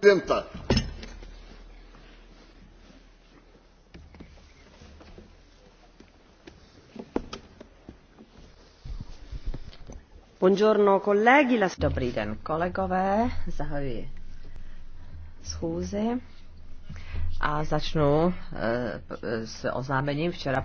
prezidenta. Dobrý den, kolegové. Zahajuji schůzi a začnu eh, s oznámením včera